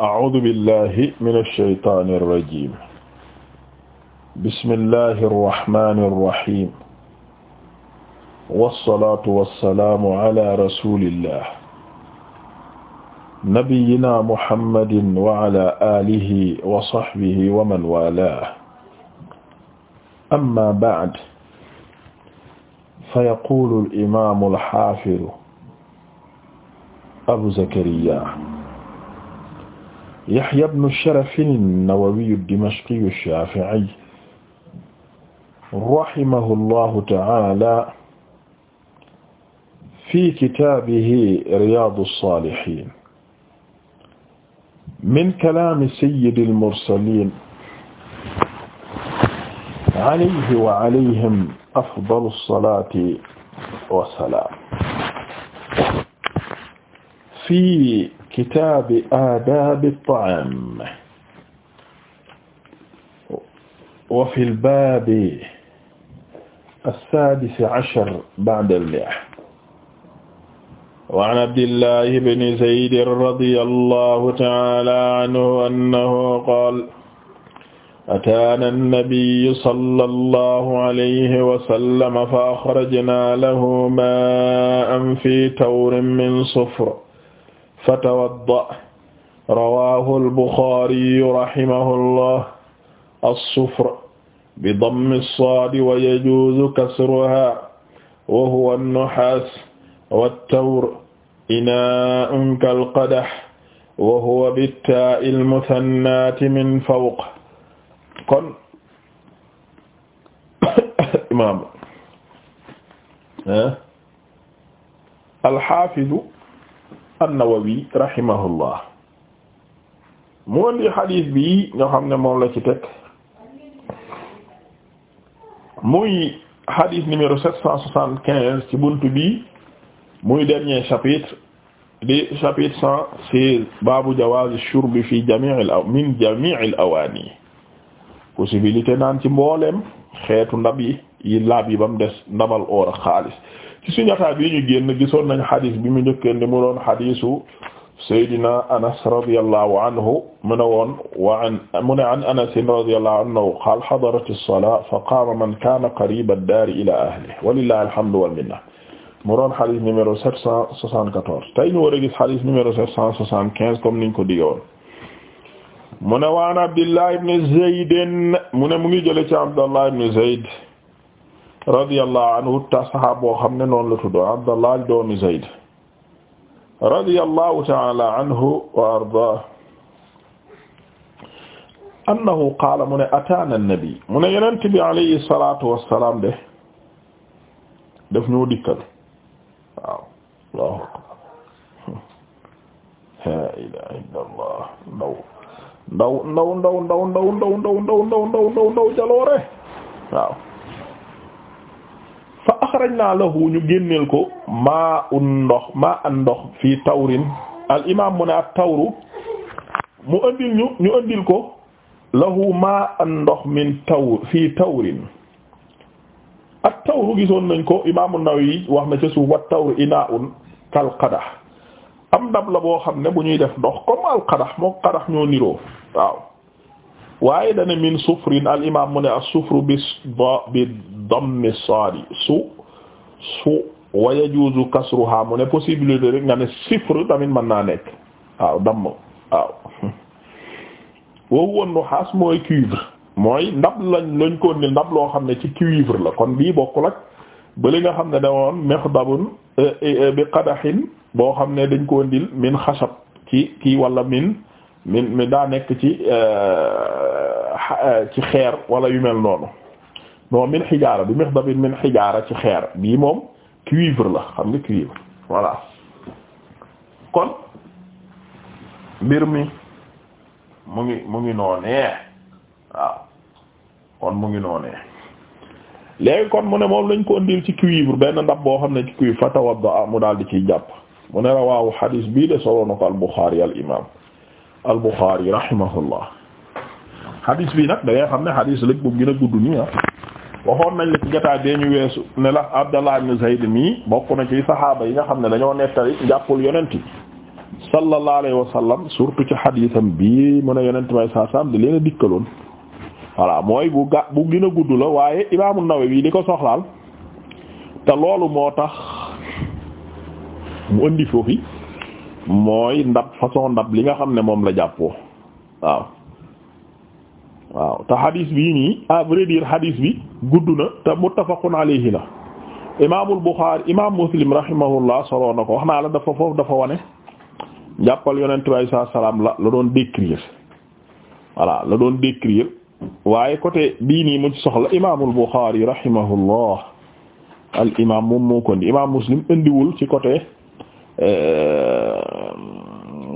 a'uudu billahi mina shaytaani rajiim bismillahi rahmaani rahiim wassalaatu wassalaamu ala rasulillah nabiyyina muhammadin wa ala aalihi wa sahbihi wa man waalaahu amma ba'd fa yaquulu al-imaamu al-haafidu abu zakariyaa Yahya ibnu Sharaf an-Nawawi ad-Dimashqi ash-Shafi'i rahimahullahu ta'ala fi kitaabihi Riyaadu s-Saalihiin min kalaami sayyidil mursaliin alayhi wa alayhim afdalu s-salaati wa s-salaam fi kitaabi aadaabi ta'aam wa fil baabi as-saadisi cashar ba'da al-mi'a وعن عبد الله بن زيد رضي الله تعالى عنه أنه قال أتانا النبي صلى الله عليه وسلم فأخرجنا له ماء في تور من صفر fatawadda rawahu albuxaariyu rahimahullah alsufr bi dammi saadi wa yajuuzu kasruha wa huwa annuhaas wattawr inaa'un kalqadax wa huwa bittaa'i almusannaati min fawq kon imaam alxaafidu an-Nawawi rahimahullah mu andi xadiis bi ñoo xam ne moom la ci teg muy xadiis numéro sept ci bunt bi muy dernier chapitre di chapitre cent seize baabu jawaazi shurbi fi jamiil aw min possibilité naan ci mbooleem xeetu ndab yi laab yi ba mu des ndabal oor ak xaalis ci suñu ataa bi ñu génn gisoon nañ xadis bi mu njëkkeen di mu doon xadisu saydina anas radiallahu anhu mu ne woon wa an mu ne an anasin radiallahu anhu qaal xadarat alsolaa fa qaama man kaana qariba addaari ila ahlihi walillahi alhamdu walminna mu doon xadis numéro 774 tey ñu war a gis xadis numéro 775 comme niñ ko dige woon mu ne waan abdillah ibn zayd mu ne mu ngi jële ci abdallah ibn zayd radiyallahu anhu ta sahaaba boo xam ne noonu la tudd Abdallah doomi Zayd radiyallahu ta'ala anhu wa ardaah annahu qaala mu ne ataana nabi mu ne yonent bi alayhi salaatu wassalaam de daf ñoo dikkal waaw Allahu akbar laa ilaaha illallah ndaw ndaw ndaw ndaw ndaw ndaw ndaw ndaw ndaw ndaw ndaw ndaw jaloore waaw axrajna lahu ñu génneel ko maa un ndox maa an ndox fii tawrin al imam mu ne ak mu andil ñu ñu ko lahu maa an ndox min tawr fii tawrin ak tawru gisoon nañ ko imam an-Nawawi wax na ca suuf wat tawru inaa un kal qadah am ndab la boo xam ne bu ñuy def ndox comme al qadah moo waaw waaye dana min sufrin al imam mu ne as-sufru bi bi dammi saadi su wa yajuzu kasruha mu ne possibilité rek nga ne sifr tamit mën naa nekk waaw damm waaw woowu woon xaas mooy cuivre mooy ndab lañ lañ ko ni ndab loo xam ne ci cuivre la kon bii bokkul ak ba li nga xam ne damoon mexdabun eh, eh, eh, bi qadaxin boo xam ne dañ ko ndil min xasab ci kii wala min min mi daa nekk ci ci xeer wala yu mel noonu non min xijaara bi mixdabin min xijaara ci xeer bii moom cuivre la xam nga cuivre voilà kon mbir mi mu ngi mu ngi noonee kon mu ngi noonee léegi kon mu ne moom lañ ko indil ci cuivre benn ndab boo xam ne ci cuivre fa tawadda mu daal di ciy jàpp mu ne rawaawu xadiis bii de solo na ko al Buxaari al imaam al Buxaari rahimahullah xadiis bii nag da xam ne xadiis lépp bu gën a gudd nii ah. waxoon nañ la ci jotaay bee ñu weesu ne la Abdallah ibn Zayd mii bokk na ci saxaaba yi nga xam ne dañoo nettali njàppul yonent yi sallallahu alayhi wa sallam surtout ci xadiisam bii mu ne yonent may saa saam di leen a dikkaloon voilà mooy bu ga bu gën a gudd la waaye Imaamu Nawawi di ko soxlaal te loolu moo tax mu indi foofu mooy ndab façon ndab li nga xam ne moom la jàppoo waaw waaw te hadis bii nii à vrai bi gudd na te muttafaqun alayhi la imaamul Buxaari imaam Muslim rahimahullah soloon na ko wax naa la dafa foofu dafa wane jàppal yonent bi saa la la doon décrire la doon décrire waaye côté bii nii mu ci soxla imaamul Buxaari rahimahullah al imaam moom moo ko indi imaam Muslim indiwul ci côté. Euh,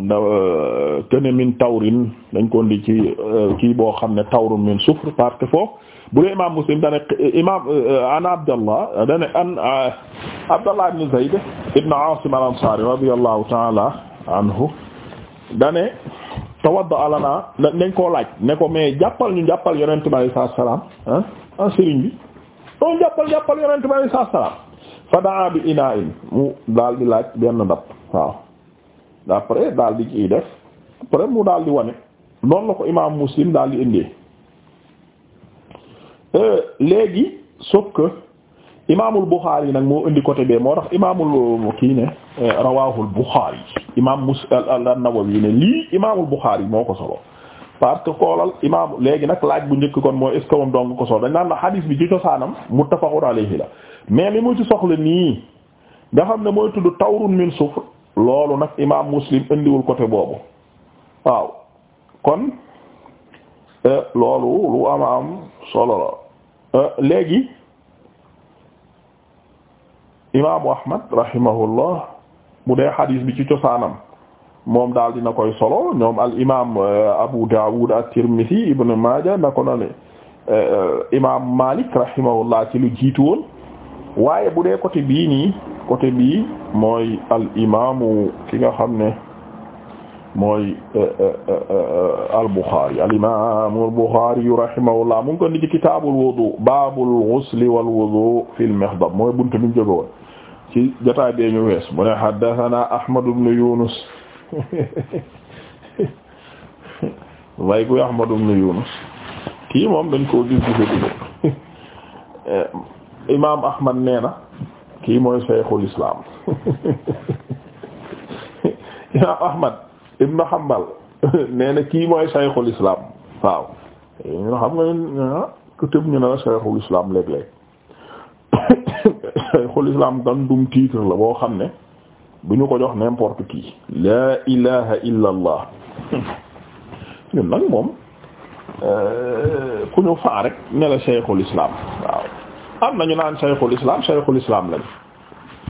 da euh, kene min tawrin dañ ko ndi ci euh, kii boo xam ne tawrun min sufr parce foofu bu dee imam muslim dane imam euh, an abdallah dane an abdallah ibn zayd ibn asim al ansari radiyallahu ta'ala anhu dane tawadda lana nañ koo laaj ne ko mais jàppal ñu jàppal yonente bi alayhi salaam bi on jàppal jàppal yonente bi alayhi fa daa bi inaa'in mu daal di laaj benn ndab waaw après daal di ciy def après mu daal di wane noonu la ko imaam muslim daal di indee euh, léegi sauf que imaamul Bukhari nag moo indi côté bee moo tax imaamul kii ne euh, rawaahul Bukhari imaam mus an yi ne lii imaamul Bukhari moo ko solo parce que xoolal imaam léegi nag laaj bu njëkk kon mooy est ce dong ko solo dañ naan la xadiis bi ci mu muttafaqun alayhi la mais li mu ci soxla nii nga xam ne mooy tudd tawrun min sufr loolu nag imaam muslim indiwul côté boobu waaw kon euh, loolu lu ama am solo la euh, léegi imaamu ahmad rahimahullah bu dee xadiis bi ci cosaanam moom daal dina koy solo ñoom al imaam euh, abu daawud at-tirmidhi ibn maaja na ko na ne imaam malik rahimahullah ci lu jiitu waaye bu dee côté bii côté bii mooy al imaamu ki nga xam ne mooy eh, eh, eh, al Bukhari al imaamu al Bukhari rahimahullah mu ngi ko ni ci kitaabul wudu baabul ghusli wal wudu fil mihdab mooy buntu bi ñu woon ci jotaay bee ñu wees mu ne haddathana Ahmad ibn Yunus way kuy Ahmad ibn Yunus kii moom dañ koo gis gise dugg imaam Ahmad nee na kii mooy cheikhul islam imam ahmad ibn hanbal nee na kii mooy cheikhul islam waaw ñun xam nga ah, ku tëb ñu ne la cheikhul islam léeg-léeg cheikhul islam gan dum titre la boo xam ne bu ñu ko jox n'importe qui la ilaha illa allah ñun nag moom euh, ku ñu faa rek ne la cheikhul islam am na ñu naan sayxul islam sayxul islam lañ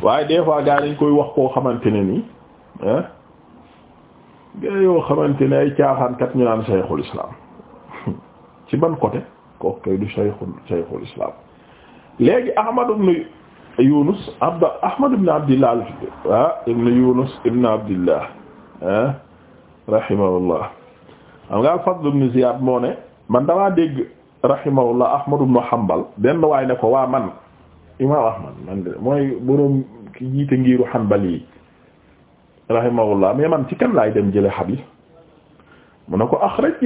waaye des fois gars dañ koy wax koo xamante ne nii ah gars yoo xamante ne ay caaxaankat ñu naan sayxul islam ci ban côté kooku kay du sayxul sayxul islam léegi Ahmad ibn Yunus Abd Ahmad ibn Abdillah ah ibn Yunus ibn Abdillah ah man damaa dégg. rahimahullah Ahmad ibn Hanbal benn waay ne ko waa man imaam Ahmad man de mooy boroom ki jiite ngiiru Hanbal yi rahimahullah mais man ci kan laay dem jële xadiis mu ne ko axraj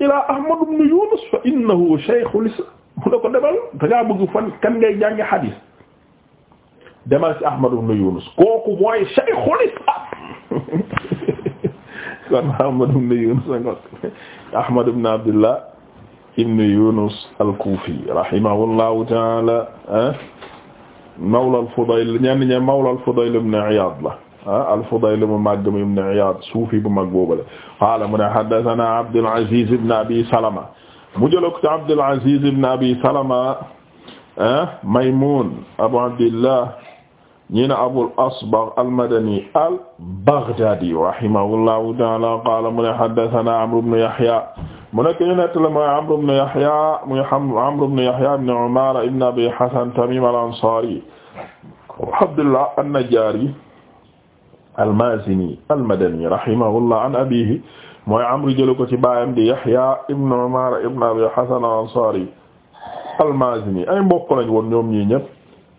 ilaa Ahmad ibn Yunus fa innahu shaykhul islam mu ne ko demal da ngaa fan kan ngay jàngi xadiis demal Ahmad ibn Yunus kooku mooy shaykhul islam kon Ahmad ibn Yunus Ahmad ibn Abdullah ibn Yunus al-Kufi rahimahullahu ta'ala ah, mawla al-Fudayl ñenn ñe mawla al-Fudayl ibn Iyad la ah al-Fudayl mu màgg mi ibn Iyad suufi bu mag boobale qaala mu ne haddathana Abdul Aziz ibn Abi Salama mu jël ko ci Abdul Aziz ibn Abi Salama ah, Maymun Abu Abdillah ñi ne Abul Asbagh al-Madani al-Baghdadi rahimahullahu ta'ala qaala mu ne haddathana Amr ibn Yahya mu nekk ñu nettali mooy Amr ibn Yahya muy Amr ibn Yahya ibn Umaara ibn Abi Hasan Tamim al-Ansaari Abdullah an-Najjaari al-Maazini al-Madani rahimahullah an abiihi mooy Amr jël ko ci baayam di Yahya ibn Umaara ibn Abi Hasan al-Ansaari al-Maazini ay mbokk lañ woon ñoom ñii ñëpp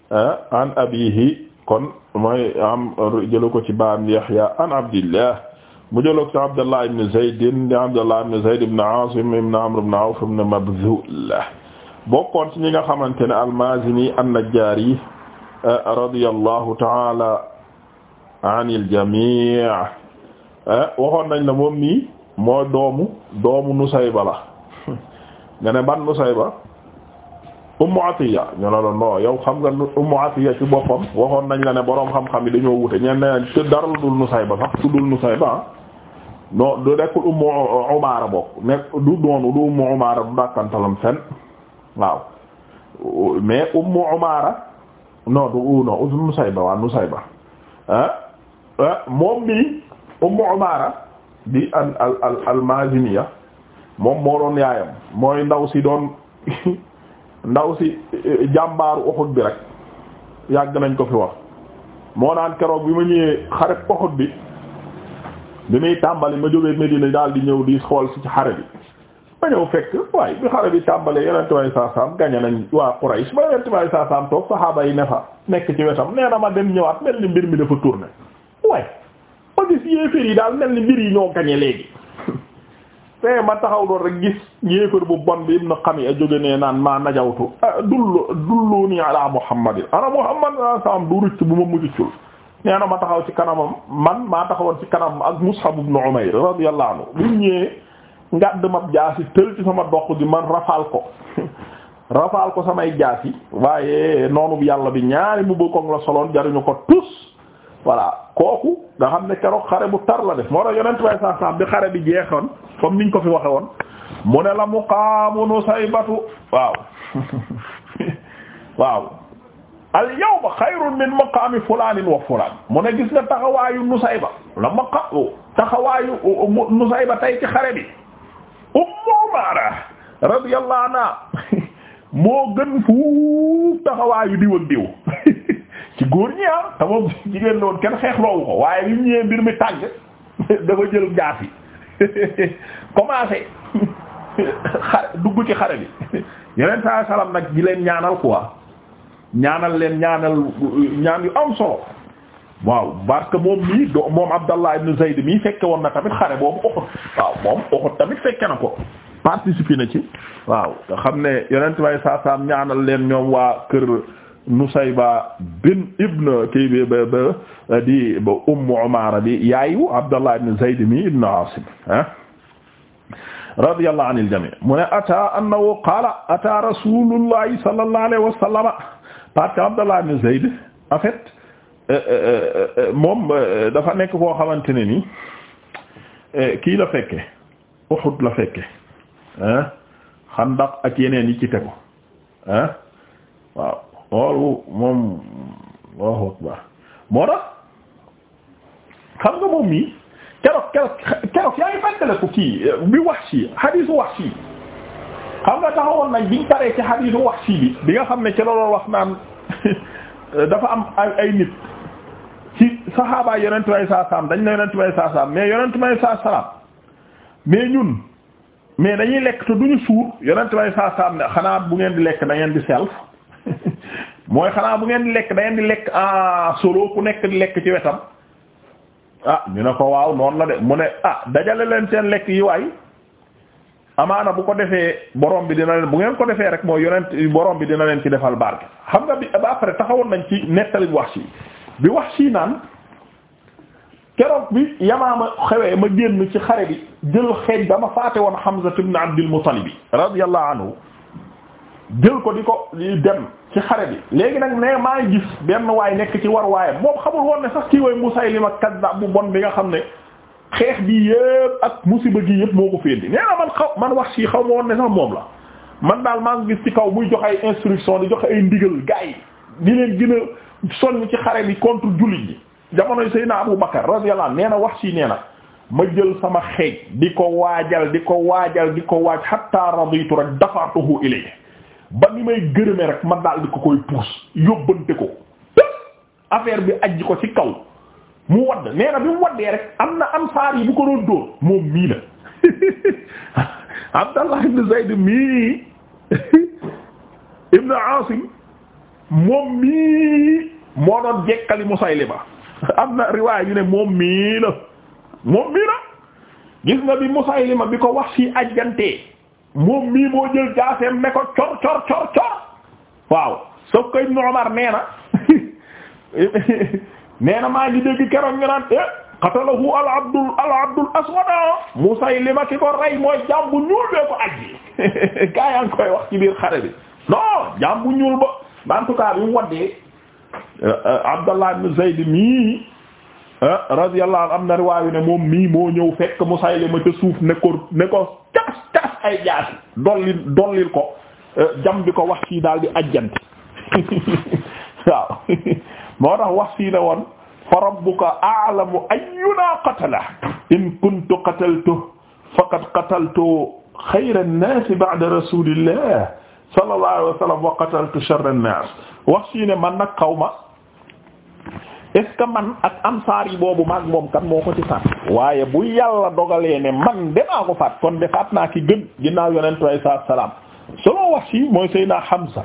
ah, an abiihi kon mooy Amr jël ko ci baayam di Yahya an Abdillah mu jëloon ci Abdallah ibn Zayd di Abdallah ibn Zayd ibn Asim ibn Amr ibn Awf ibn Mabdhul bokkoon ci ñi nga xamante ne al-Mazini an-Najjari eh, radiyallahu ta'ala anil jami' eh, waxoon nañ la moom nii mooy doomu doomu Nusayba saybala nga ne ban Nusayba Ummu Atiya ñu ne la non yow xam nga Ummu Atiya ci boppam waxoon nañ la ne boroom xam-xam yi dañoo wute ñenn te dara dul Nusayba sax tuddul Nusayba ah. non du nekkul Ummu Umaara bokk nekk du doonu du Ummu Umaara du dàkkantalam fenn waaw mais Ummu Umaara non du non Nusayba waaw Nusayba moom bi Ummu Umaara di al al al al moom moo doon yaayam mooy ndaw si doon ndaw si eh, jàmbaaru Uhud bi rek yàgg nañ ko fi wax moo naan keroog bi ma ñëwee xare Uhud bi bi muy tàmbali ma jógee Medina daal di ñëw di xool ci xare bi ma ñëw fekk waaye bi xare bi tàmbalee yonentuwaay saasaam gañe nañ waa Quraysh ba yonentuwaay saasaam toog saxaaba yi ne fa nekk ci wetam nee ma dem ñëwaat mel ni mbir mi dafa tourné waaye ma gis yéeféer yi daal mel ni mbir yi ñoo gañe léegi te eh, ma taxaw doon rek gis yéeféer bu bon bi Ibn Qami'a jóge nee naan maa najawtu ah, dullu dullu nii ala Muhammadin ala Muhammad saasaam du rëcc nee na ma taxaw ci kanamam man maa taxawoon ci kanamam ak Mus'ab ibn Umayr radiyallahu anhu bi mu ñëwee ngàdd ma jaasi tël ci sama doq gi man rafaal ko rafaal ko samay jaasi waaye noonu bu yàlla bi ñaari mu bëggoon la soloon jaruñu ko tus voilà kooku nga xam ne keroog xare bu tar la def moo tax yonent way sa bi xare bi jeexoon comme niñ ko fi waxe woon mu ne la muqaamu nusaybatu waaw waaw al yawma xayrun min maqaami fulaanin wa fulaan mu ne gis nga taxawaayu Nusayba la maqa taxawaayu uh, Nusayba tey ci xare bi Ummu Umaara radiyallahu anha moo gën fuuf taxawaayu diw ak diw ci góor ñi ah te moom jigéen loon kenn xeexloowu ko waaye bi mu ñëwee mbir mi tàng dafa jël jaas yi xare dugg ci xare bi yeneen saa salaam nag di leen ñaanal quoi. ñaanal leen ñaanal ñaan yu am solo waaw parce que moom mii moom Abdallah ibn Zayd mii fekke woon na tamit xare boobu Uhud waaw moom Uhud tamit fekke na ko participer ci waaw te xam ne yonent way saasaam ñaanal leen ñoom waa kër Nusayba bin ibn kii ba ba di ba Ummu Umaara di yaayu Abdallah ibn Zayd mii ibn Aasim ah radiyallahu anil mu ne ata annahu qaala ata rasulullahi sallallahu parce que Abdallah ibn Zayd fait euh, euh, euh, moom dafa nekk koo xamante ne ni kii la fekke Uhud la fekke ah Xandaq ak yeneen yi ci tegu waaw moom Allahu akbar moo tax xam nga moom mii keroog keroog keroog yaa ngi fàttaliku kii bi Wahshi hadiisu Wahshi xam nga taxawoon nañ biñ paree ci xadiisu wax si bi bi nga xam ne ci la doon wax naan dafa am ay nit ci saxaaba yonent may saa saam dañ ne yonent may saa saam mais yonent may saa saam mais ñun mais dañuy lekk te duñu suur yonent may saa saam ne xanaa bu ngeen di lekk na ngeen di self mooy xanaa bu ngeen di lekk da ngeen di lekk solo ku nekk di lekk ci wetam ah ñu ne ko waaw noonu la de mu ne ah dajale leen seen lekk yi waay amaana bu ko defee borom bi dina leen bu ngeen ko defee rek mooy yonent borom bi dina leen ci defal barke xam nga bi ba pare taxawoon nañ ci nettali wax si bi wax si naan keroog bi ma xewee ma génn ci xare bi jël xeej ba ma faate woon Hamza ibn Abdul Muttalib radiyallahu anhu jël ko di ko dem ci xare bi léegi nag nee maa gis benn waay nekk ci war waaye moom xamul woon ne sax kii way Musaylima kadda bu bon bi nga xam ne xeex bi yëpp ak musiba gi yëpp moo ko féendi nee na man xaw man wax si xaw ma woon ne sax moom la man daal maa ngi gis ci kaw muy joxe ay instruction di joxe ay ndigal gars yi di leen gën a soññ ci xare bi contre jullit yi jamonoy Seydina Abu Bakar radiyallahu anhu nee na wax si nee na ma jël sama xeej di ko waajal di ko waajal di ko waaj hatta raditu rek dafatuhu ilay ba ni may gërëme rek man daal di ko koy puus yóbbante ko affaire bi ajji ko ci kaw mu wadd nee bi mu waddee rek am na ansaar yi bu ko doon dóor moom mii la Abdallah ibn Zayd mii ibn Asim moom mii moo doon jekkali Musaylima am na riwaay yu ne moom mii la moom mii la gis nga bi Musaylima bi ko wax ci ajjantee moom mii moo jël jaaseem ne ko cor cor cor waaw soo ko Ibn Umar nee nee na maa ngi dégg keroog ñu naan eh qatalahu abdul al abdul aswad ah, Musaylima ki ko rey mooy jaam ñuul bee ko aji gaa koy wax ci biir xare bi non jaam bu ñuul ba en tout cas bi mu waddee eh, Abdallah ibn Zayd mii eh, radiyallahu anhu am ne moom mii moo ñëw fekk Musaylima ca suuf ne ko cas cas ay jaasi dollil dollil ko eh, jam ko wax fii daal di ajjante waaw moo tax wax fii ne woon fa rabbuka a'lamu ayyuna qatala in kuntu qataltuhu faqad qataltu xayra an-naasi ba'da rasulillah sallallahu alayhi wax fii ne man nag xaw ma est ce man ak ansaar yi boobu maag moom kan moo ko ci faat waaye bu yàlla dogalee ne man demaa ko faat kon de faat naa ki gën ginnaaw yonent bi salaam solo wax mooy Seydina Hamza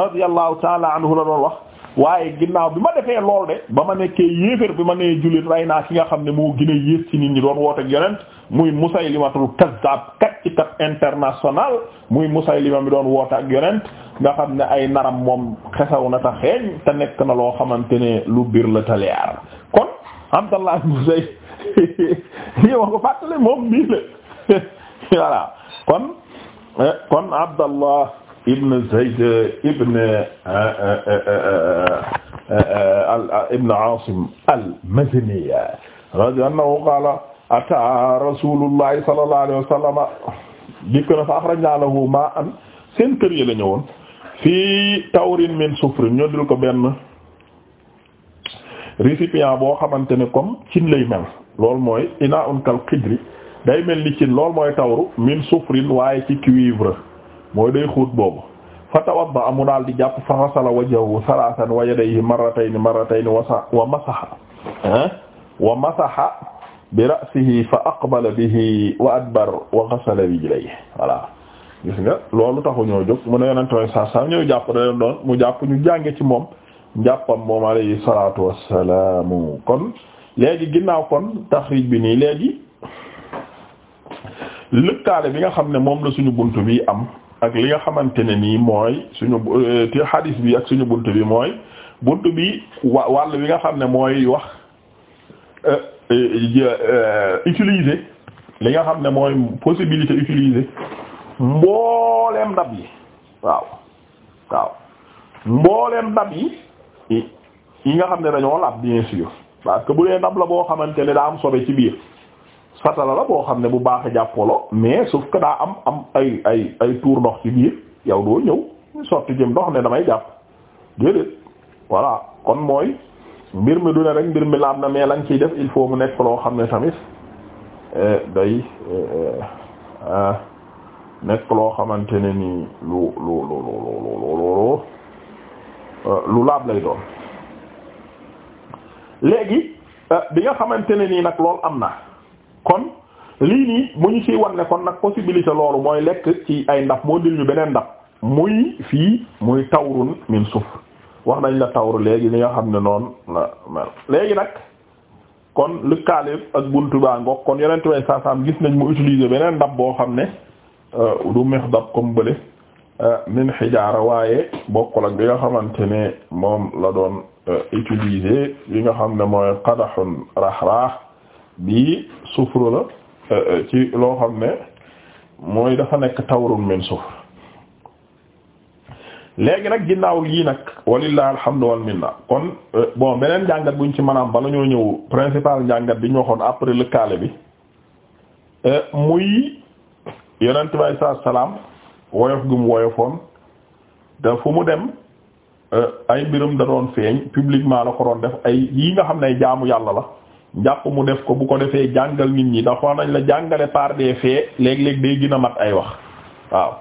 radiyallahu ta'ala anhu la doon wax waaye ginnaaw bi ma defee lool de ba ma nekkee yéeféer bi ma nee jullit rey naa ki nga xam ne moo gën a yées ci nit ñi doon woote yonent muy Musaylimatul Kazzab kat ci kat international muy Musaylima mi doon woote ak yonent nga xam ne ay naram moom xesaw na ta xeeñ te nekk na loo xamante ne lu biir la ta leer kon Abdallah Musay yow ko fàttale moom bii la voilà kon eh, kon Abdallah Ibn Zayd Ibn uh, uh, uh, Ibn Asim al-Mazini radiyallahu anhu qaala ataa Rasuulullahi sallallahu alayhi wa sallam dikk na fa axrajnaa lahu maa'an seen kër yi la ñëwoon fii tawrin min sufrin ñu dul ko benn récipient boo xamante ne comme cin lay mel loolu mooy inaa'un kal qidri day mel ni cin loolu mooy tawru min sufrin waaye ci cuivre. mooy day xuut boobu fa tawadda amu daal di jàpp fa xasala wajhahu salaasan wa yadayhi marratayn marratayn wa masaha wa masaha bi ra'sihi fa aqbala bihi wa adbar wa ghasala rijlayhi voilà gis nga loolu taxu ñoo jóg mu ne yonente way sa sam ñëw jàpp da doon mu jàpp ñu jànge ci moom njàppam moom alayhi salatu wassalamu kon léegi ginnaaw kon taxrij bi nii léegi lëkkaale bi nga xam ne moom la suñu bunt bi am ak li nga xamante ne nii mooy suñu euh, te hadis bi ak suñu bunt bi mooy bunt bi wa wàll bi nga xam ne mooy wax euh, euh, utiliser li nga xam ne mooy possibilité utiliser mbooleem ndab yi waaw waaw mbooleem ndab yi yi nga xam ne dañoo laab bien sûr parce que bu dee ndab la boo xamante ne daa am sobe ci biir satala la boo xam ne bu baax a jàppaloo mais sauf que daa am am ay ay ay tuur ndox ci biir yow doo ñëw sotti jëm ndox ne damay jàpp déedéet voilà kon mooy mbir mi du ne rek mbir mi laam na mais lañ ciy def il faut mu nekk loo xam ne tamit eh, day eh, eh, nekk loo xamante ne nii lu lu lu lu lu lu laab lay doon léegi bi nga xamante ne nii nag lool am na. kon lii nii mu ñu ciy wan ne kon nag possibilité loolu mooy lekk ci ay ndab moo dil ñu beneen ndab muy fii muy tawrun min suuf wax nañ la tawru léegi li nga xam ne noon la mel léegi nag kon lëkkaale ak bunt baa ngoog kon yeneen way saasaam gis nañ mu utiliser beneen ndab boo xam ne euh, du mixdab comme bële euh, min xijaara waaye bokk ak bi nga xamante ne moom la doon euh, utiliser bi nga xam ne mooy qadaxun rax-raax bii sufru la euh, euh, ci loo xam ne mooy dafa nekk tawrun min sufr léegi nag ginnaaw yii nag walillahi alhamdu wal minna kon euh, bon beneen njàngat buñ ci manaam bala ñoo ñëw principal njàngat bi ñu waxoon après kaale bi muy yonent bi alei salatua salaam woyof gu mu woyofoon da fu mu dem ay mbirum da doon feeñ publiquement la ko doon def ay yi nga xam ne jaamu yàlla la njàpp mu def ko bu ko defee jàngal nit ñi ndax wax nañ la jàngale par des faits léeg-léeg day gën a mat ay wax waaw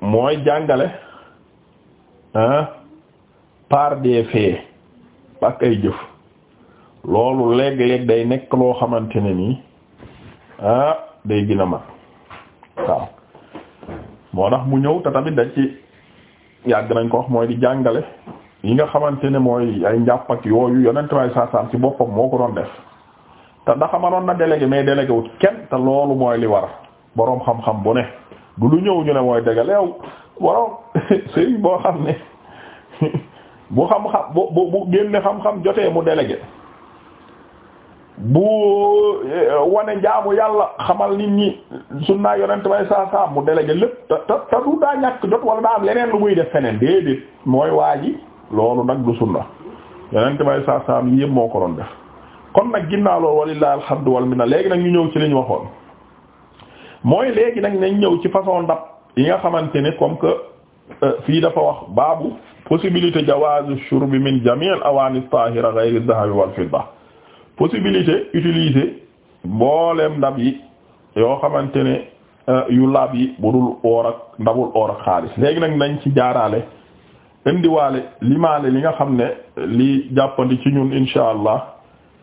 mooy jàngale hein par des faits ay jëf loolu leeg léeg day nekk loo xamante ne nii ah day gën a mat waaw moo tax mu ñëw te tamit dañ ci yàgg nañ ko wax mooy di jàngale yi nga xamante ne mooy ay njàpp ak yooyu yonent may saasaam ci boppam moo ko doon def te ndax manoon na délégué mais délégué wut kenn te loolu mooy li war boroom xam-xam bu ne du lu ñëw ñu ne mooy dégg boroom sëriñ boo xam ne bu xam-xam bu bu bu génne xam-xam jotee mu délégué bu eh, wane njaamu yàlla xamal nit ñi sunnaa yonent bay saasaam mu délégué lépp te te te du daa ñàkk jot wala daa am leneen lu muy def feneen déedéet mooy waa ji loolu nag du sunna yeneen may saa saam yii yëpp moo ko doon def kon nag ginnaaw loolu walillahi alhamdu wal minna léegi nag ñu ñëw ci li ñu waxoon mooy léegi nag nañ ñëw ci façon ndab yi nga xamante ne comme que euh, fii dafa wax baabu possibilité jawaz shurbi min jami' al awani a ghayr adh-dhahab wal fidda possibilité utiliser mbooleem ndab yi yoo xamante ne euh, yu laab yi budul or ak ndabul or ak xaalis léegi nag nañ ci jaaraale indiwaale limaale li nga xam ne li jàppandi ci ñun insha allah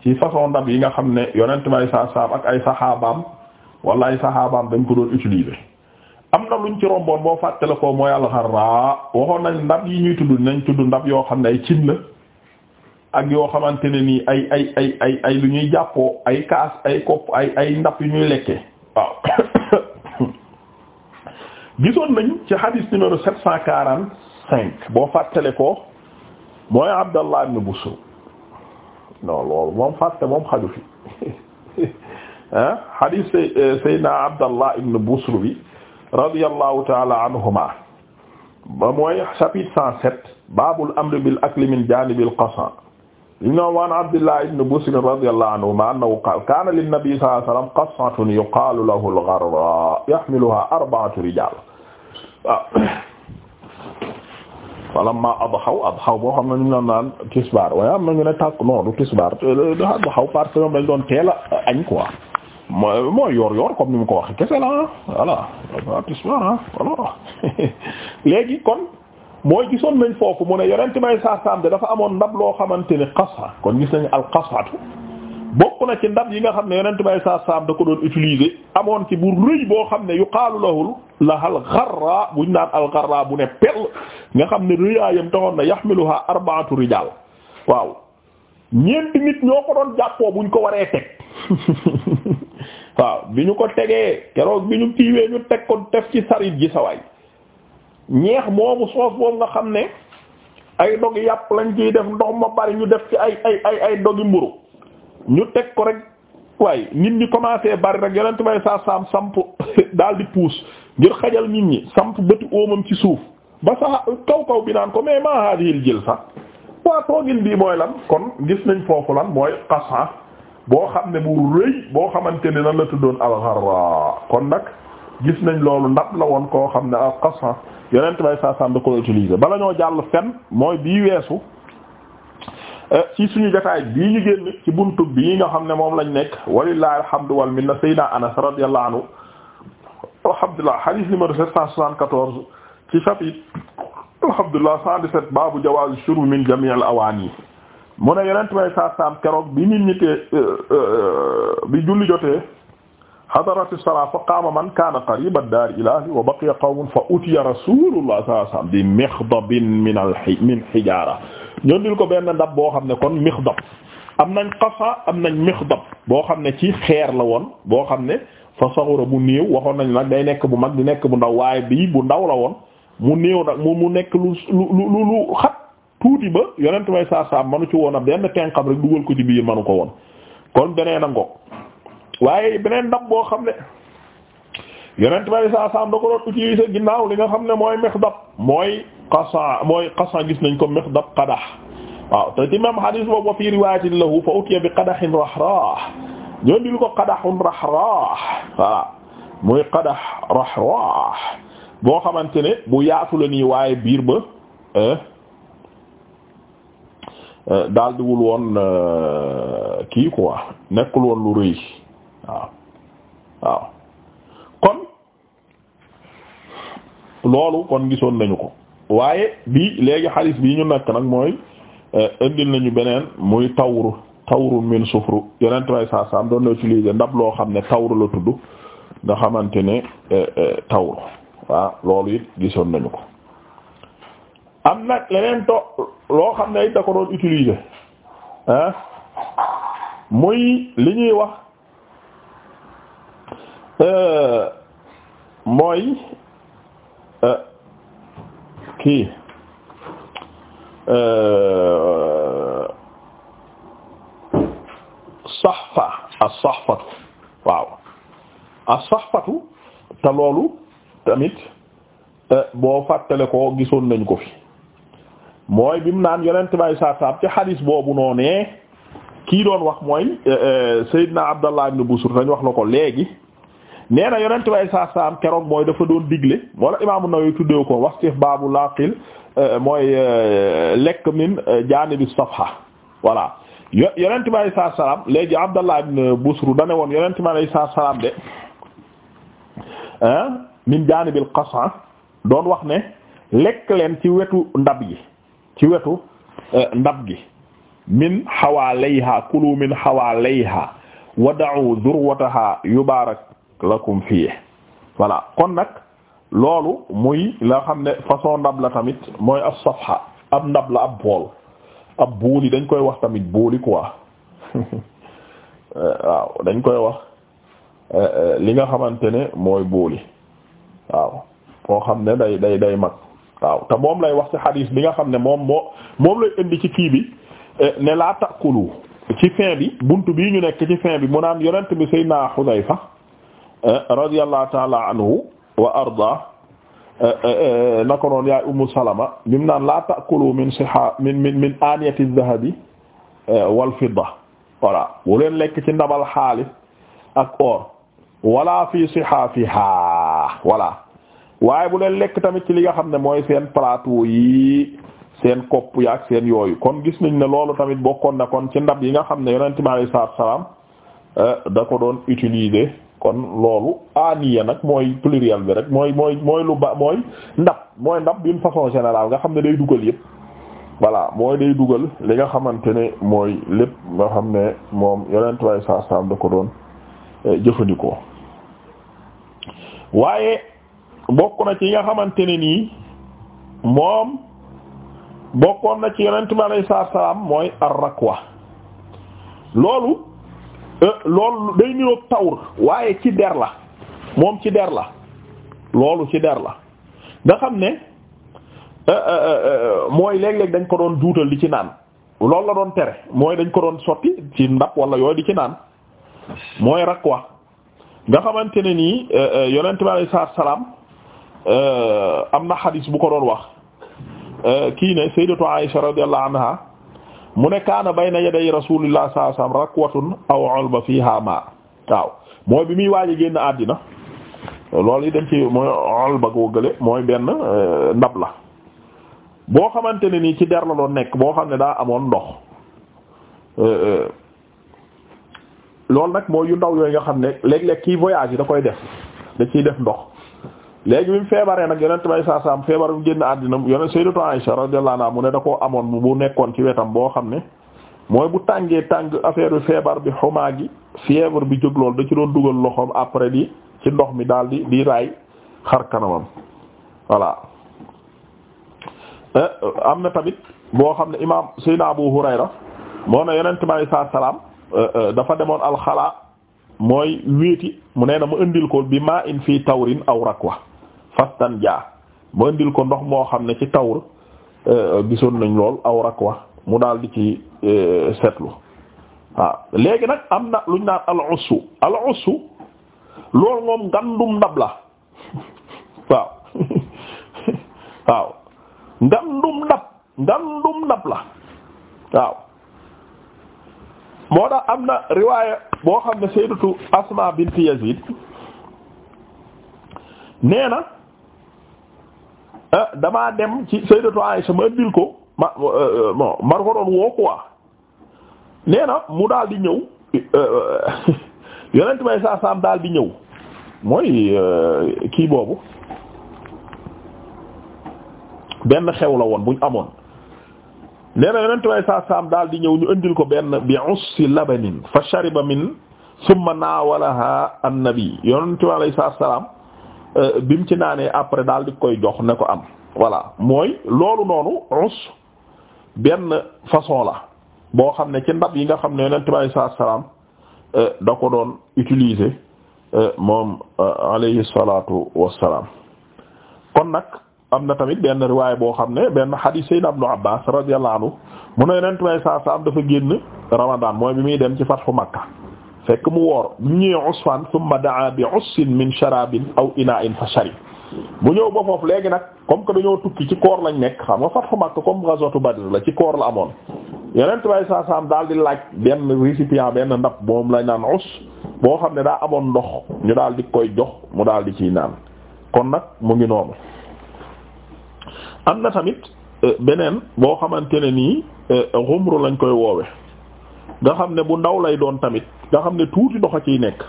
ci façon ndab yi nga xam ne yonent bay saa saab ak ay saxaabaam wala ay saxaabaam dañ ko doon utiliser am na luñ ci romboon boo fàttale ko mooy alxaraa waxoon nañ ndab yi ñuy tudd nañ tudd ndab yoo xam ne ay cin la ak yoo xamante ne nii ay ay ay ay lu ñuy jàppoo ay kaas ay kopp ay ay ndab yu ñuy lekke waaw gisoon nañ ci hadith numéro sept cent quarante cinq boo fàttale ko mooy Abdallah ibn Busr non loolu moom fàtte moom xaju fi ah hadith Seydina euh, Abdallah ibn Busr bi radiyallahu ta'ala anhuma ba mooy chapitre cent sept babul amri bil akli min janibil qasa li ñoo waan Abdallah ibn Busr radiyallahu anhuma annahu qala kana lin nabi sallallahu alayhi wasallam qasatun yuqalu lahu al-gharra yahmiluha arba'atu rijal waaw wala ma ab xaw ab xaw boo xam ne ñu doon naan tisbaar waaye am na ñu ne tàkk non du tisbaar euh, ab xaw parce que ñoom dañ doon teel a euh, añ quoi mooy yoor yor comme ni mu ko waxee kese la voilà waaw ah, léegi kon mooy gisoon nañ foofu mu ne yonent may saa am de dafa amoon ndab loo xamante ni qasa kon gis nañu al qasatu bokk na ci ndab yi nga xam ne yonent bay saa saam da ko doon utiliser amoon ci bu rëy boo xam ne yu lahul lahal gharra buñ naan al gharra bu ne pell nga xam ne rëyaayam taxoon na yahmiluha arba'atu rijaal waaw ñeenti nit ñoo ko doon jàppoo buñ ko waree teg waaw bi ñu ko tegee keroog bi ñu kiiwee ñu teg ko def ci sarit ji sawaay ñeex moomu soos boobu nga xam ne ay dogi yàpp lañ ciy def ndox ma bari ñu def ci ay ay ay ay dogi mburu ñu teg ko rek waaye nit ñi commencé bari rek yonent bay saa saam samp daal di puus ngir xajal nit ñi samp bëti óomam ci suuf ba sa kaw kaw bi naan ko mais ma hadil jël sax waa toogil bii mooy lan kon gis nañ foofu lan mooy xasan boo xam ne bu rëy boo xamante ne lan la tuddoon alxarra kon nag gis nañ loolu ndab la woon koo xam ne al xasan yonent bay saa saam da ko utiliser bala ñoo jàll fen mooy bii weesu Euh, ci suñu jotaay bii ñu génn ci buntu bii nga xam ne moom lañ nekk walillahi alhamdu wal minna sayyidina Anas radiyallahu anhu alhamdulillah hadith numéro 774 ci chapitre alhamdulillah 117 baabu jawaaz shurb min jamii al awaani mu may saa saam keroog bi nit te euh, euh, bi julli jotee hadarati salaa fa qaama man kaana qariba daar ila ahli wa baqiya qawmun fa utiya min al ñoondil ko benn ndab boo xam ne kon mixdab am nañ qasa am nañ mixdab boo xam ne ci xeer la woon boo xam ne fa saxura bu néew waxoon nañ nag day nekk bu mag di nekk bu ndaw waaye bii bu ndaw la woon mu néew nag mu mu nekk lu lu lu lu xat tuuti ba yonent may saa saa manu ci woon a benn tenqam rek dugal ko ci biir manu ko woon kon beneen a ngoog waaye beneen ndab boo xam ne yonent may saa saa da ko doon utilisé ginnaaw li nga xam ne mooy mixdab mooy qasa mooy qasa gis nañ ko miqdab qadax waaw te ci même fi riwayatin lahu fa utiya bi qadaxin rahraah ñoo dil ko qadaxun rahraah voilà qadax rahraah boo xamante ne bu yaatu la nii waaye biir ba eh, eh, daal diwul woon eh, kii quoi nekkul woon lu rëy waaw waaw kon loolu kon gisoon nañu ko waaye bii léegi xadis bii ñu nekk nag mooy eh, indil nañu beneen muy tawru tawru min sufru yeneen way saa saam doon na utiliser ndab loo xam ne tawru la tudd nga xamante ne eh, eh, tawru waaw loolu it gisoon nañu ko am nag leneen to loo xam ne it da ko doon utiliser muy li ñuy wax mooy kii euh, saxfa as-saxfatu waaw as-saxfatu te loolu tamit euh, boo fàttale ko gisoon nañ ko fi mooy bimu naan yonent bay saab ci xadiis boobu noonee kii doon wax mooy euh, Seydina Abdallah ibn Busr dañ wax la ko léegi nee na yonent way saa saam keroog mooy dafa doon digle wala imaamu Nawawi tuddee ko wastif baabu laqil euh, mooy euh, lekk min euh, jaanibi safha voilà yonent way saa saam léegi Abdallah ibn Busru da ne woon yonent way saa saam de min jaanibil qas'a doon wax ne lekk leen ci wetu ndab gi ci wetu ndab gi min xawaalayha kulu min xawaalayha wada'u durwataha yubarak lakum fii voilà kon nag loolu muy la xam ne façon ndab la tamit mooy ab safha ab ndab la ab bool ab booli dañ koy wax tamit booli quoi waaw dañ koy wax eh, eh, li nga xamante ne mooy booli waaw koo xam ne day day day mag waaw te moom lay wax ci xadiis bi nga xam ne moom moo moom lay indi ci kii bi eh, ne laa taqulu ci fin bi bunt bii ñu nekk ci fin bi mu naan yonent naa Seydina Xudayfa Eh, radiyallahu taala anhu wa arda eh, eh, naka noonu yaay ummu salama bim naan la ta'kulu min siha min min min aniyati dhahabi wal fidda voilà bu leen lekk ci ndabal xaalis ak or wala fi sihaafiha voilà waaye bu leen lekk tamit ci li nga xam ne mooy seen plateau yi seen kopp yaak seen yooyu kon gis nañ ne loolu tamit bokkoon na kon ci ndab yi nga xam ne yonent bi alayhi salaatu wa salaam da ko doon utiliser kon loolu aaniya nag mooy pluriel bi rek mooy mooy mooy lu ba mooy ndab mooy ndab d'une façon générale nga xam ne day dugal yépp voilà mooy day dugal li nga xamante ne mooy lépp nga xam ne moom yonent way saa saam da ko doon eh, jëfandikoo waaye bokk na ci yi nga xamante ne nii moom bokkoon na ci yonent bi alayhi salaam mooy arrakwa loolu Euh, loolu day niroog tawr waaye ci der la moom ci der la loolu ci der la nga xam ne euh, euh, mooy léeg-léeg dañ ko doon juutal di ci naan loolu la doon tere mooy dañ ko doon sotti ci ndab wala yooyu di ci naan mooy wa nga xamante ne nii yonent bi alayhi salaam am na xadiis bu ko doon wax kii ne sayyidatu Aisha radiyallahu anha mu ne kaana bayna yaday rasulillah sallallahu alayhi wasallam rakwatun aw ulba fiha ma waaw mooy bi muy waaji génn àddina loolu yi dañ ci mooy ulba goo gële mooy benn euh, ndab la boo xamante ne nii ci der la doon nekk boo xam ne daa amoon ndox euh, euh, loolu nag mooy yu ndaw yooyu nga xam ne léeg-léeg kii voyage yi da koy def da ciy def ndox léegi bi mu feebaree nag yonent bay saa feebar bu génn àddina yonent Sayyidatu Aisha radiyallahu anha mu ne da ko amoon bu nekkoon ci wetam boo xam ne mooy bu tàngee tàng affaire bi feebar bi xumaa gi fièvre bi jóg lool da ci doon dugal loxoom après di ci ndox mi daal di di raay xar kanamam voilà. Eh, am na tamit boo xam ne imaam Sayyidina Abu Hurayra moo ne yonent bay saa salaam eh, eh, dafa demoon alxalaa mooy wéeti mu ne na mu indil ko bi ma in fii tawrin aw wa fastan jaa mooy indil ko ndox moo xam ne ci tawr euh, gisoon nañ lool aw rak wa mu daal di ci euh, seetlu waaw léegi nag am na luñ naan al ussu al loolu moom ngandum ndab la waaw waaw ngandum ndab ngandum ndab la waaw moo tax am na riwaaya boo xam ne sayyidatu Asma bint Yazid nee na Euh, damaa dem ci sayyidatu Aisha ma ëndil ko ma euh, euh, bon doon woo quoi nee na mu daal di ñëw yonent may saa saam daal di ñëw mooy kii boobu benn xew la woon buñ amoon nee na yonent may saa saam daal di ñëw ñu indil ko benn bi ussi labanin fa shariba min summa naawalaha an-nabi yonent may saa salaam Euh, bi mu ci naanee après daal di koy jox ne ko am voilà mooy loolu noonu us benn façon la boo xam ne ci ndab yi nga xam ne yonent bi alayhi salaam euh, da ko doon utiliser euh, moom alayhi salaatu wassalaam kon nag am na tamit benn riwaay boo xam ne benn xadiis Sayyid Ibnu Abbaas radiyallahu anhu mu ne yonent bi alayhi salaam dafa génn Ramadan mooy bi muy dem ci fu Makka fekk mu woor mu ñëwee usfan thumma daa bi ussin min sharabin aw ina'in fa sharib mu ñëw ba foofu léegi nag comme que dañoo tukki ci koor lañ nekk xam nga fathu Makka comme ghazwatu Badr la ci koor la amoon yeneen bay saa saam daal di laaj benn récipient benn ndab moom lañ naan us boo xam ne daa amoon ndox ñu daal di koy jox mu daal di ciy naan kon nag mu ngi noonu am na tamit euh, beneen boo xamante ne nii euh, xumru lañ koy woowe nga xam ne bu ndaw lay doon tamit nga xam ne tuuti dox a ciy nekk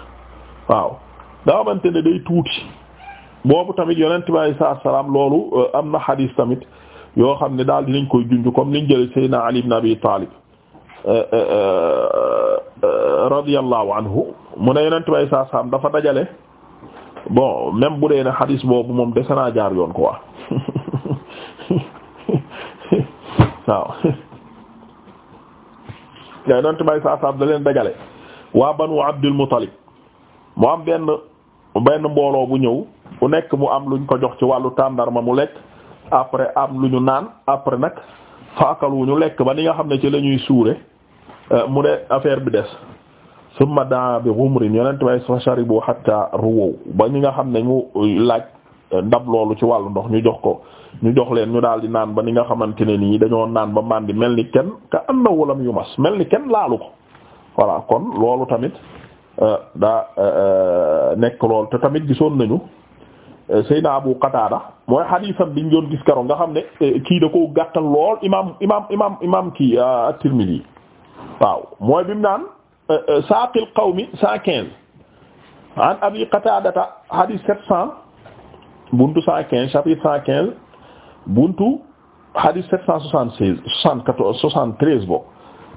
waaw nga xamante ne day tuuti boobu tamit yonent bi alayhi salaatu salaam loolu euh, am na xadiis tamit yoo xam ne daal dinañ koy junj comme liñ jëlee Seydina Ali ibn Abi Taalib euh, euh, radiyallahu anhu mu ne yonent bi alayhi salaatu dafa dajale bo même bu dee ne xadiis boobu moom dese naa jaar yoon quoi waaw. yonent bay saa saam da leen dajale waa banu Abdul Muttalib mu am benn benn mbooloo bu ñëw bu nekk mu am luñ ko jox ci wàllu tàndarma mu lekk après am lu ñu naan après nag faakal wu ñu lekk ba ni nga xam ne ci la ñuy suure euh, mu ne affaire bi des summa daa bi xumrin yonent bay sa sharibu hatta ruwaw ba ñi nga xam ne ñu laaj ndab loolu ci wàllu ndox ñu jox ko ñu jox leen ñu daal di naan ba ni nga xamante ne nii dañoo naan ba màndi mel ni kenn ka am na walam yu mas mel ni kenn laalu ko voilà kon loolu tamit euh, daa euh, euh, nekk loolu te tamit gisoon nañu Seydina Abu Qatada mooy xadiisam biñ doon gis karo nga xam ne kii da ko gàttal lool imaam imaam imaam imaam kii at-Tirmidhi waaw mooy bi naan saaqil qawmi cent quinze Abi Qatadata xadiis sept cent buntu 115 chapitre 115 buntu hadith 776 74 73 bo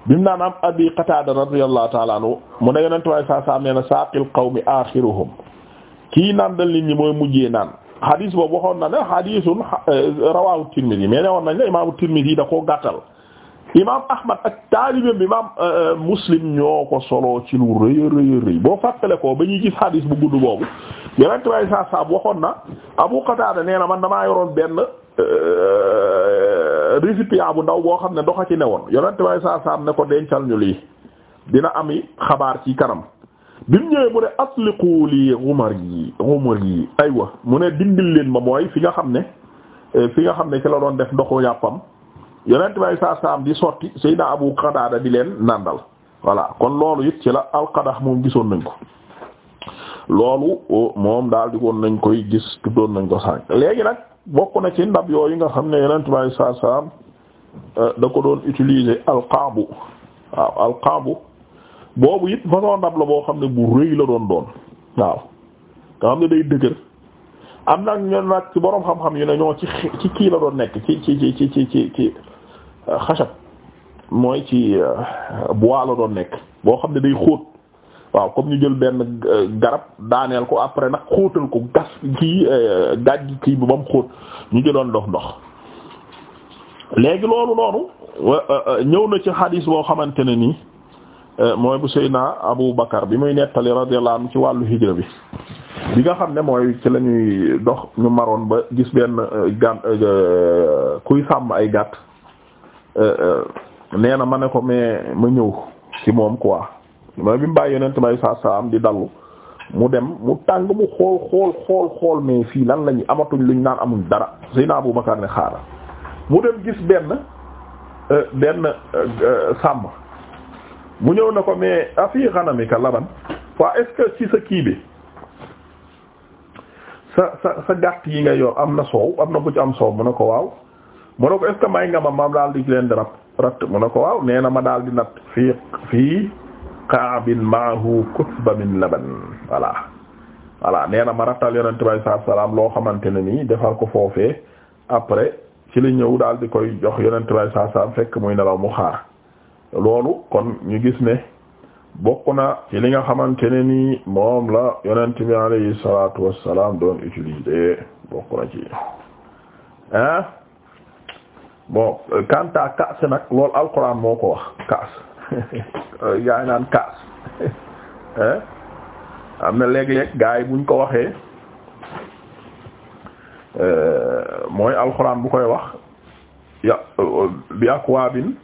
bim naan am abi Qatada radiyallahu ta'ala anhu mu ne yonent waaye saa saa nee na saaqil qawmi axiruhum kii naan dal nit ñi mooy mujjee naan hadith boobu waxoon na ne hadithun eh, rawahu Tirmidhi mais ne woon nañ la imaamu Tirmidhi da koo gàttal. imaam Ahmad ak taalibeem imaam euh, euh, Muslim ñoo ko solo ci lu rëy a rëy a rëy boo fàttale ko ba ñuy gis hadis bu gudd boobu yeneen tubaab saa saab waxoon na Abu Qatada nee na man damaa yoroon benn euh, récipient bu ndaw boo xam ne a ci newoon yeneen tubaab saa saab ne ko dencal ñu lii dina ami xabaar ci kanam. bi mu ñëwee mu ne asliqu lii xumar yi xumar yi aywa mu ne dindil leen ma mooy fi nga xam ne fi nga xam ne ci la doon def ndoxu yàppam. yonent bay saa saam di sotti Seydina Abu Qadaada di leen nandal voilà kon loolu it ci la alqadax moom gisoon nañ ko loolu moom daal di woon nañ koy gis tuddoon nañ ko sànq léegi nag bokk na ci ndab yooyu nga xam ne yonent bay saa saam e, da ko doon utiliser alqaabu waaw alqaabu boobu it façon ndab la boo xam ne bu la doon doon waaw xam ne day dëgër am nag ñun ci boroom xam-xam yu ci kii la doon nekk ci ci ci ci ci ci xasab mooy ci euh, bu la doon nekk boo xam ne day xóot waaw comme ñu jël benn euh, garab daaneel ko après nag xóotal ko gas kii euh, gàjj kii bi ba mu xóot ñu jëloon dox dox léegi loolu noonu ñëw na ci xadiis boo xamante ne nii mooy bu Seydina Abu Bakar bi muy nettali radiyallahu anhu ci wàllu hijra bi bi nga xam ne mooy ci lañuy dox ñu maroon ba gis benn gàn kuy sàmm ay gàtt Eh, eh, nee na ma ne ko mais ma ñëw ci moom quoi ma bi mu bàyyi yonent may saa saa am di dallu mu dem mu tàng mu xool xool xool xool mais fii lan lañu amatuñ luñ naan amuñ dara Seydina Abu Bakar ne xaaral mu dem gis benn eh, benn sàmm mu ñëw na ko mais afi ghanamika laban waa est ci sa kii bi sa sa sa gàtt yi nga yor am na soow am na bu ci am soow mu ne ko waaw mu ne ko est-ce nga ma maam daal di leen di rab ratt mu ne ko waaw nee na ma daal di natt fii fii kaabin maahu kusba min laban voilà voilà nee na ma rattal yonente bi saa salaam loo xamante ne nii defal ko foofee après ci la ñëw daal di koy jox yonente bi saa salaam fekk muy nelaw mu xaar loolu kon ñu gis ne bokk na ci li nga xamante ne nii moom la yonente bi alayhi salaatu wassalaam doon utiliser bokk na ci ah bon kanta kaas nag loolu alquran moo ko wax kaas yaa naan kaas eh? am na léeg-léeg gaa yi buñ ko waxee eh, mooy alquran bu koy wax ya bi akwaabin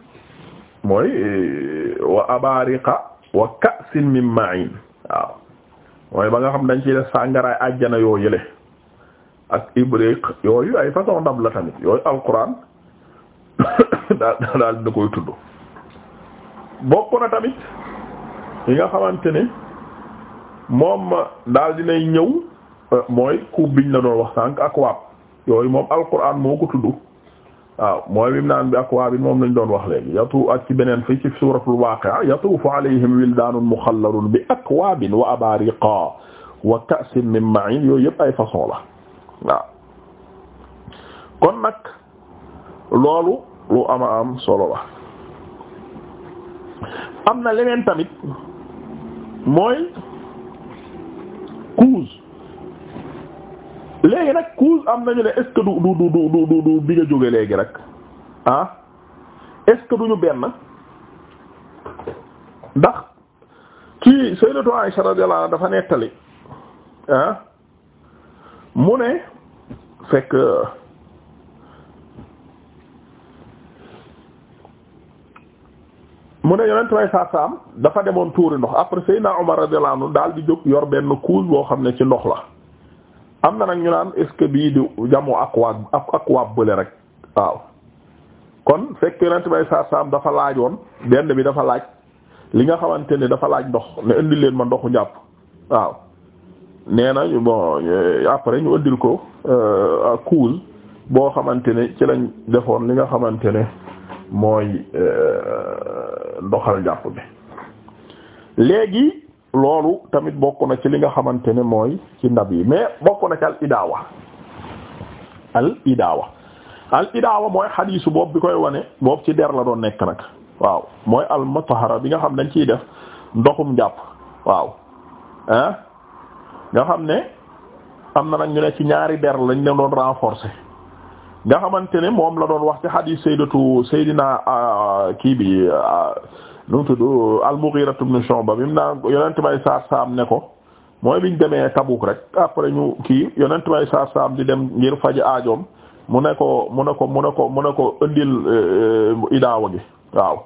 mooy eh, wa abariqa wa ka'sin min ma'in waaw mooy ba nga xam dañ ci def sàngaraay àjjana yoo yële ak ibriq yooyu ay façon ndab la tamit yooyu alquran daal daal dina koy tudd bokk na tamit yi nga xamante ne moom daal dinay ñëw euh, mooy coupe biñ la doon wax sànq akwaab yooyu moom alquran moo ko tudd waaw mooy bi naan bi akwaab bi moom lañ doon wax léegi yatu ak ci beneen fi ci suuratul waaqi'a yatuufu alayhim wildaanun muxalladun bi akwaabin wa abaariqa wa ka'sin min ma'in yooyu yëpp ay façon la kon nag loolu lu ama am solo la am na leneen tamit mooy couche léegi nag couche am nañu ne est-ce que du du du du du du bi nga jóge léegi rek ah est-ce que benn ndax ci sayyidatu Aisha radiyallahu anha dafa nettali ah mu ne fekk. mu ne yonent way saa saam dafa demoon tuuri ndox après Seydina Omar radiyallahu anhu daal di jóg yor benn couche boo xam ne ci ndox la am na nag ñu naan est bii di jamu akwaab ak akwaab bële rek waaw kon fekk yonent bay saa saam dafa laajoon benn bi dafa laaj li nga xamante ne dafa laaj ndox ne indi leen ma ndoxu njàpp waaw nee na après ñu indil ko euh, couche boo xamante ne ci lañ defoon li nga xamante ne mooy euh, doxal jàpp bi léegi loolu tamit bokk na ci li nga xamante ne mooy ci ndab yi mais bokk na ci al idaawa al idaawa al idaawa mooy xadiisu boobu bi koy wane boobu ci der la doon nekk nag waaw mooy al matahara bi nga xam dañ ciy def ndoxum jàpp waaw ah nga xam ne am na nag ñu ne ci ñaari der lañ leen doon renforcer nga xamante ne moom la doon wax ci hadith sayyidatu sayyidina ah, kii bi ah, nu mu tudd al-Mughira ibn Shu'ba bi mu naan yonent bay saar saam ne ko mooy biñ demee Tabuk rek après ñu kii yonent bay saar saam di dem ngir faj aajoom mu ne ko mu ne ko mu ne ko mu ne ko indil eh, eh, idaawa gi waaw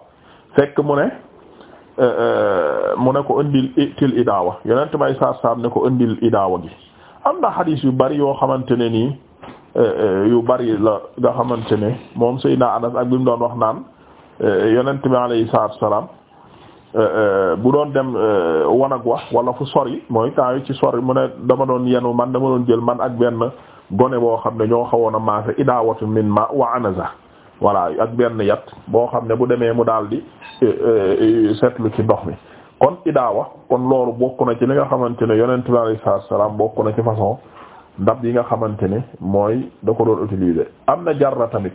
fekk mu ne eh, mu ne ko indil til idaawa yonent bay saar saam ne ko indil idaawa gi am na hadith yu bari yoo xamante ne nii. Eh, eh, yu bari la nga xamante ne moom Seydina Anas ak bi mu doon wax naan eh, yonent bi alayhi salaatu salaam bu doon dem wanag wax wala fu sori mooy temps yi ci sori mu ne dama doon yenu man dama doon jël man ak benn gone boo xam ne ñoo xawoon a maase idaawatu min ma wa anaza voilà ak benn yat boo xam ne bu demee mu daal di seetlu ci ndox mi kon idaawa kon loolu bokk na ci li nga xamante ne yonent bi alayhi salaatu salaam bokk na ci façon ndab yi nga xamante ne mooy da ko doon utiliser am na jarra tamit